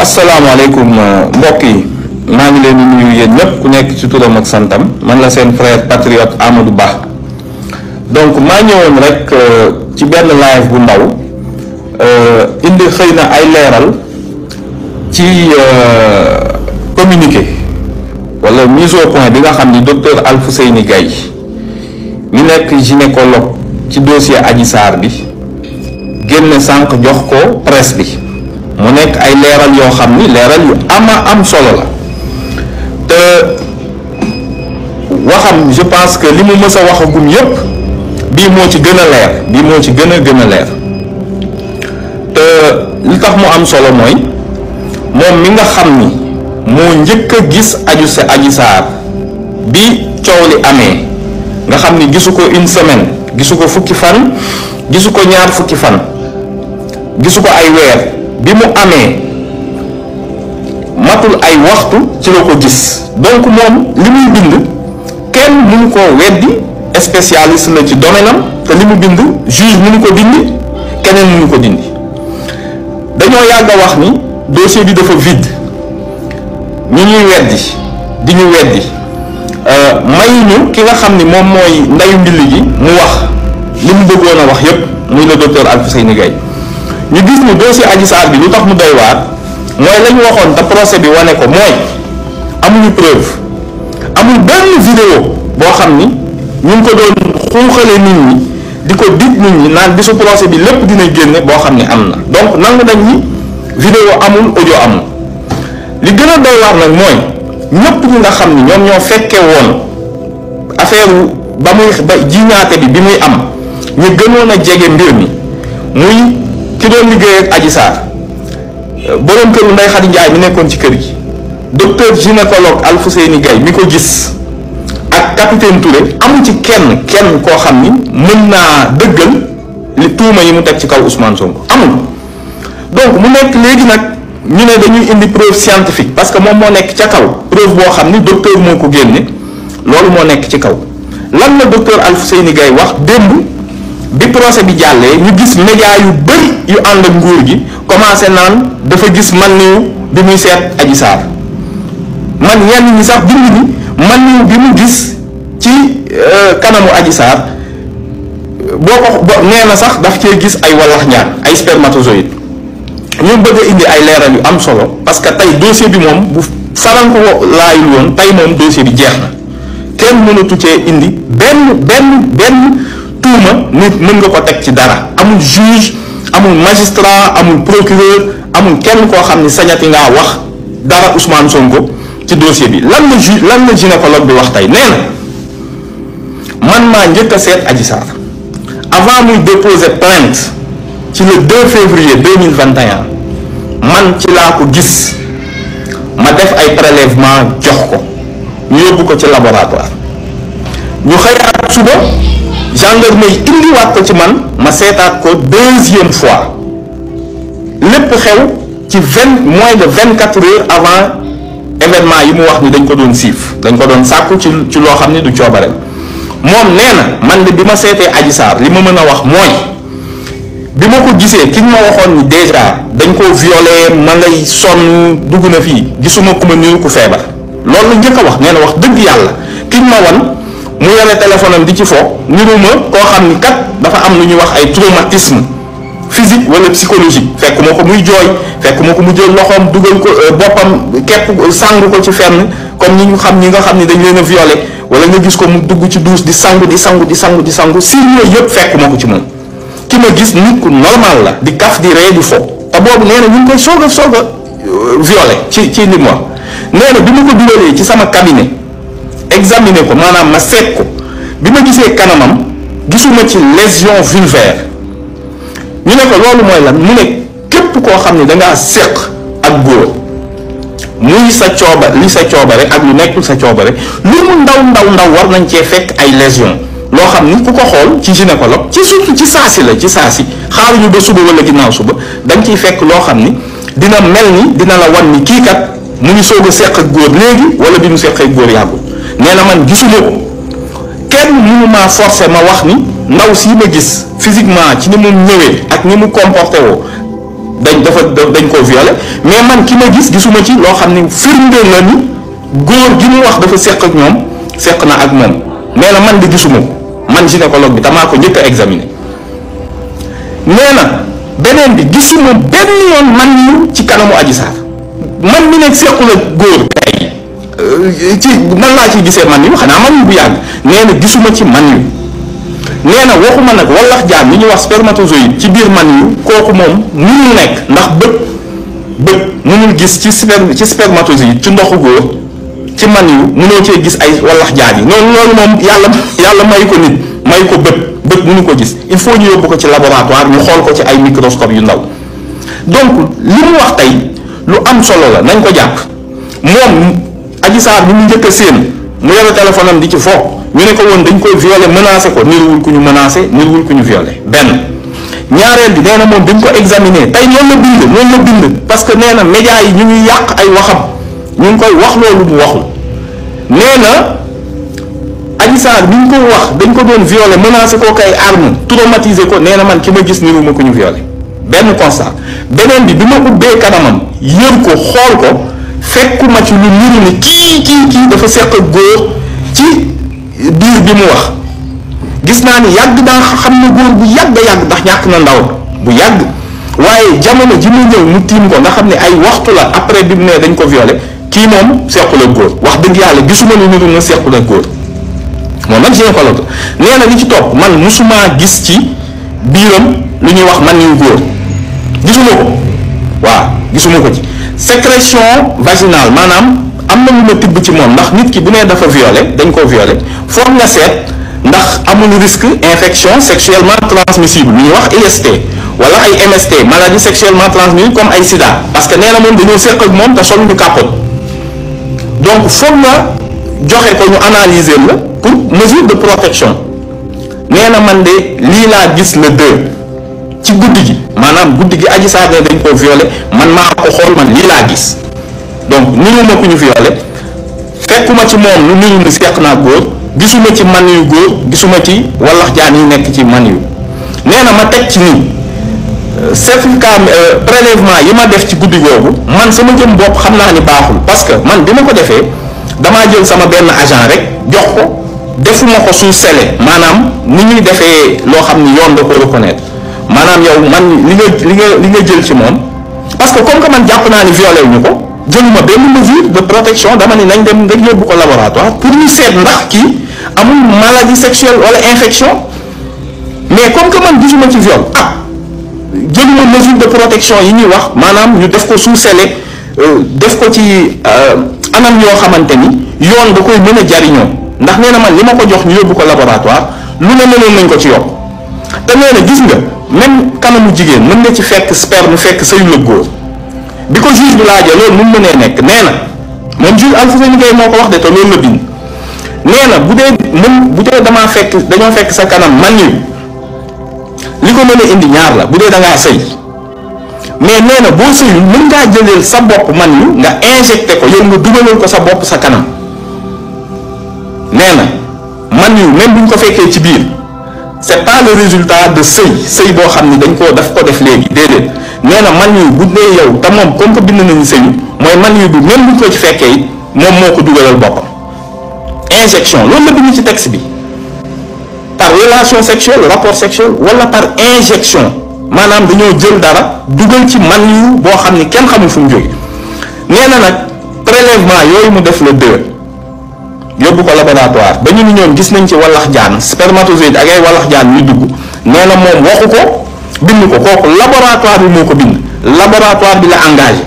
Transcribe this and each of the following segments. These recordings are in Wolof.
waaw asalaamaaleykum euh, mbokk yi maa ngi leen di nuyu yéen ku nekk ci turam ak santam man la seen frère patriote Amadou Ba donc maa ñëwoon rek euh, ci benn live bu ndaw euh, indi xëy na ay leeral ci communiqué wala mise au point bi nga xam ni docteur Alfousseyni Gaye mu nekk gynécologue ci dossier Adji Sarr bi génn sànq jox ko presse bi. mu nekk ay leeral yoo xam ni leeral yu ama am solo la te waxam je pense que li mu mës a waxagum yépp bii moo ci gën a leer bii moo ci gën a gën a leer te li tax mu am solo mooy moom mi nga xam ni moo njëkk a gis aju sa aji saar bi coow li amee nga xam ni gisu ko une semaine gisu ko fukki fan gisu ko ñaar fukki fan gisu ko ay weer bi mu amee matul ay waxtu ci la ko gis donc moom li muy bind kenn mënu koo weddi spécialiste la ci domaine am te li mu bind juge mënu ko dindi keneen mënu ko dindi dañoo yàgg wax ni dossier bi dafa vide ñi ñuy weddi di ñu weddi euh, mayuñu ki nga xam ni moom mooy ndayu mbili gi mu wax li mu bëggoon a wax yépp muy le docteur Alfousseyni Gaye ñu gis ni dossier Adji Sarr bi lu tax mu day waar mooy la ñu waxoon te procès bi wane ko mooy amuñu preuve amul benn vidéo boo xam ni ñu ngi ko doon xuuxale nit ñi di ko dig nit ñi naan bisu procès bi lépp dina génne boo xam ni am na donc nangu nañ ni vidéo amul audio amul li gën a doy waar nag mooy ñëpp ñi nga xam ni ñoom ñoo fekkee woon affaire ba muy ba jiñaate bi bi muy am ñu gënoon a jege mbir mi muy ki doon liggéey ak Adji Sarr borom këru Ndeye Khady Ndiaye mi nekkoon ci kër gi docteur gynécologue Alfousseyni Gaye mi ko gis ak capitaine Touré amu ci kenn kenn koo xam ni mën naa dëggal li tuuma yi mu teg ci kaw Ousmane Sonko amul donc mu nekk léegi nag ñu ne dañuy indi preuve scientifique parce que moom moo nekk ca kaw preuve boo xam ni docteur moo ko génne loolu moo nekk ci kaw lan la docteur Alfousseyni Gaye wax démb bi procès bi jàllee ñu gis média yu bëri yu ànd ak nguur gi commencé naan dafa gis man niw bi muy seet Adji man ñenn ñi sax bind ñi man niw bi mu gis ci euh, kanamu Adji Sarr boo ko nee na sax daf cee gis ay wallax ñaan ay spermatozoïde ñu bëgg a indi ay leeral yu am solo parce que tey dossier bi moom bu saran ko laayul woon tey moom dossier bi jeex na kenn mënatu cee indi benn benn benn tuuma nit mën nga ko teg ci dara amul juge amul magistrat amul procureur amul kenn koo xam ni sañati ngaa wax dara Ousmane Sonko ci dossier bi lan la ju lan la gynécologue bi wax tey nee man maa njëkk seet Adji avant muy déposer plainte ci le 2 février 2021 man ci laa ko gis ma def ay prélèvement jox ko ñu yóbbu ko ci laboratoire ñu xëyaat suba gendarmerie indiwaat ko ci man ma seetaat ko deuxième fois lépp xew ci vingt moins de vingt quatre heures avant événement yi mu wax ni dañ ko doon siif dañ ko doon sàkku ci ci loo xam ne du coobareel moom nee na man de bi ma seetee Adji Sarr li ma mën a wax mooy bi ma ko gisee ki ma waxoon ni déjà dañ ko violé ma ngay sonn dugg na fii gisuma ku ma niru ku feebar loolu la njëkk a wax nee na wax dëgg yàlla ki ma wan. mu yore téléphone am di ci fo niru ma koo xam ni kat dafa am lu ñuy wax ay traumatisme physique walla psychologique fekk ma ko muy jooy fekkuma ko mu jël loxoom dugal ko euh, boppam képp sangu ko ci fenn comme ñi ñu xam ñi nga xam ni dañ leen a violé wala nga gis ko mu dugg ci douche di sangu di sangu di sangu di sangu si yooyu yëpp fekk ma ko ci moom ki ma gis nit ku normal la di kaf di ree di fo te boobu nee na ñu ngi koy soog a soog a euh, violé ci ci li mu wax nee ma ko dugalee ci sama cabinet examiner ko maanaam ma seet ko bi ma gisee kanamam gisuma ci lésion vulvaire ñu ne ko loolu mooy lan mu ne képp koo xam ne dangaa séq ak góor muy sa cooba li sa coobare ak lu nekkul sa coobare lu mu ndaw ndaw ndaw war nañ cee fekk ay lésion loo xam ni ku ko xool ci gynécologue ci surtout ci si la ci saasi xaaruñu ba suba wala ginnaaw suba dañ ciy fekk loo xam ni dina mel ni dina la wan ni kii kat mu ngi soog a seq ak góor léegi wala bi mu seq ak góor yàggu nee na man gisuma ko kenn mënu maa forcé ma wax ni ndaw sii ma gis physiquement ci ni mu ñëwee ak ni mu comporté woo dañ dafa dañ ko violé mais man ki ma gis gisuma ci loo xam ne firnde la ni góor gi mu wax dafa seq ak ñoom seq na ak moom mais na man di gisuma ko man gynécologue bi tamaa ko njëkk a examiner nee na beneen bi gisuma benn yoon man ñu ci kanamu Adji man mi ne sequl ak góor Euh, ci man laa ci gisee man yu xanaa man bu yàgg nee na gisuma ci man yu nee na waxuma nag wallax jaam li ñuy wax spermatozoïde ci biir man yu kooku moom mënul nekk ndax bët bët mënul gis ci sperm ci spermatozoïde ci ndoxu góor ci man yu mënoo cee gis ay wallax jaam yi noonu loolu moom yàlla yàlla may ko nit may ko bët bët ko gis il faut ñu yóbbu ko ci laboratoire ñu xool ko ci ay microscope yu ndaw donc li mu wax tey lu am solo la nañ ko jàpp moom Adji Sarr bi mu njëkk séen mu yore téléphone am di ci fo ñu ne ko woon dañ koy violé menacé ko niruwul ku ñu menacé niruwul ku ñu violé benn ñaareel bi nee na moom dañ ko examiner tey loolu la bind loolu la bind parce que nee na médias yi ñu ngi yàq ay waxam ñu ngi koy wax loolu mu waxul nee na Adji Sarr bi ñu ko wax dañ ko doon violé menacé ko kay arme traumatisé ko nee na man ki ma gis niruwuma ku ñu violé benn constat beneen bi bi ma ubbee kanamam yër ko xool ko fekkuma ci lu niru ni kii kii kii dafa seq góor ci biir bi mu wax gis naa ni yàgg daa xam ne góor bu yàgg yàgg ndax ñàkk na ndaw bu yàgg waaye jamono ji mu ñëw mu tiim ko nga xam ne ay waxtu la après bi mu ne dañ ko violé kii moom sequ ak góor wax dëgg yàlla gisuma lu niru nga sequl ak góor moom nag seen xolatu nee na li ci topp man musumaa gis ci biiram lu ñuy wax man yu góor gisuma ko waaw gisuma ko ci sécrétion vaginale maanaam am na lu ma tibb ci moom ndax nit ki bu nee dafa violé dañ koo violé foog nga seet ndax amul risque infection sexuellement transmissible lu ñuy wax IST wala ay MST maladie sexuellement transmissible comme ay sida parce que nee na moom dañoo séq ak moom te sol ñu kàppoot donc foog nga joxe ko ñu analyser la pour mesure de protection nee na man de lii laa gis le deux ci guddi gi maanaam guddi gi aji saar ne dañ koo violé man maa ko xool man lii laa gis donc nuyu ma ku ñu violé fekkuma ci moom lu nuyu ni seq naa góor gisuma ci man yu góor gisuma ci wallax jaan yi nekk ci man yu nee na ma teg ci nii certificat euh, prélèvement yi ma def ci guddi googu man sama jëm bopp xam naa ni baaxul parce que man bi ma ko defee damaa jël sama benn agent rek jox ko defuma ko sous sele maanaam ni ñuy defee loo xam ni yoon da ko reconnaître maanaam yow man li nga li nga li nga jël ci moom parce que comme que man jàpp naa ni violé wu ñu ko jëluma benn mesure de protection dama ni nañ dem rek yóbbu ko laboratoire pour ñu seet ndax kii amul maladie sexuelle wala infection mais comme que man gisuma ci viol ah jëluma mesure de protection yi ñuy wax maanaam ñu def ko sous scellé euh, def ko ci euh, anam yoo xamante ni yoon da koy mën a jariñoo ndax nee na man li ma ko jox ñu yóbbu ko laboratoire lu ne mënoon nañ ko ci yokk te nee na gis nga même kanamu jigéen mën nga ci fekk sperme fekk sëy la góor bi ko juge bi laajee loolu nu mënee nekk nee na moom juge Alfousseyni Gaye moo ko wax de te loolu la bind nee na bu dee mën bu dee damaa fekk dañoo fekk sa kanam man niw li ko mën a indi ñaar bu dee da ngaa sëy mais nee na boo sëyul mën ngaa jëleel sa bopp man niw nga injecté ko yow nga dugalal ko sa bopp sa kanam nee na man niw même buñ ko fekkee ci biir c'est pas le résultat de sëy sëy boo xam ni dañ ko daf ko def léegi déedéet nee man yu bu dee yow te moom comme que bind nañu sëyu mooy man yu bu même buñ koy ci fekkee it moom moo ko dugalal boppam injection loolu la bind ci texte bi par relation sexuelle rapport sexuel wala par injection maanaam dañoo jël dara dugal ci man yu boo xam ni kenn xamul fu mu jóge nee na nag prélèvement yooyu mu def la deux yóbbu ko laboratoire dañu ñu ni ñoom gis nañ ci wallax jaan spermatozoïde ak ay wallax jaan yu dugg nee na moom waxu ko bind ko kooku laboratoire bi moo ko bind laboratoire bi la engage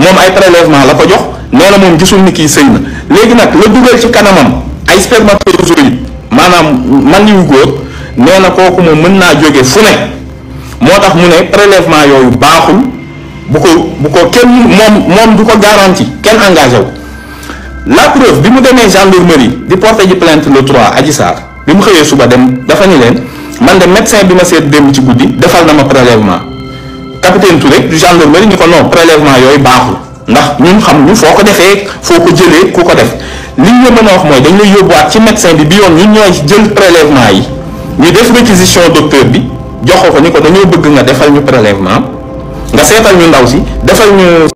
moom ay prélèvement la ko jox nee na moom gisul ni kii sëy na léegi nag la dugal ci kanamam ay spermatozoïde maanaam man yu góor nee na kooku moom mën naa jóge fu ne moo tax mu ne prélèvement yooyu baaxul bu ko bu ko kenn moom moom du ko garanti kenn engagé wu la preuve bi mu demee gendarmerie di porter ji plainte le 3 Adji Sarr bi mu xëyee suba dem dafa ni leen man de médecin bi ma seet dem ci guddi defal na ma prélèvement capitaine Touré du gendarmerie ñu ko non prélèvement yooyu baaxul ndax ñun xam ñu foo ko defee foo ko jëlee ku ko def li ñu mën a wax mooy dañ lay yóbbuwaat ci médecin bi bi yoon ñun ñooy jël prélèvement yi ñu def réquisition docteur bi joxo ko ko ni ko dañoo bëgg nga defal ñu prélèvement nga seetal ñu ndaw si defal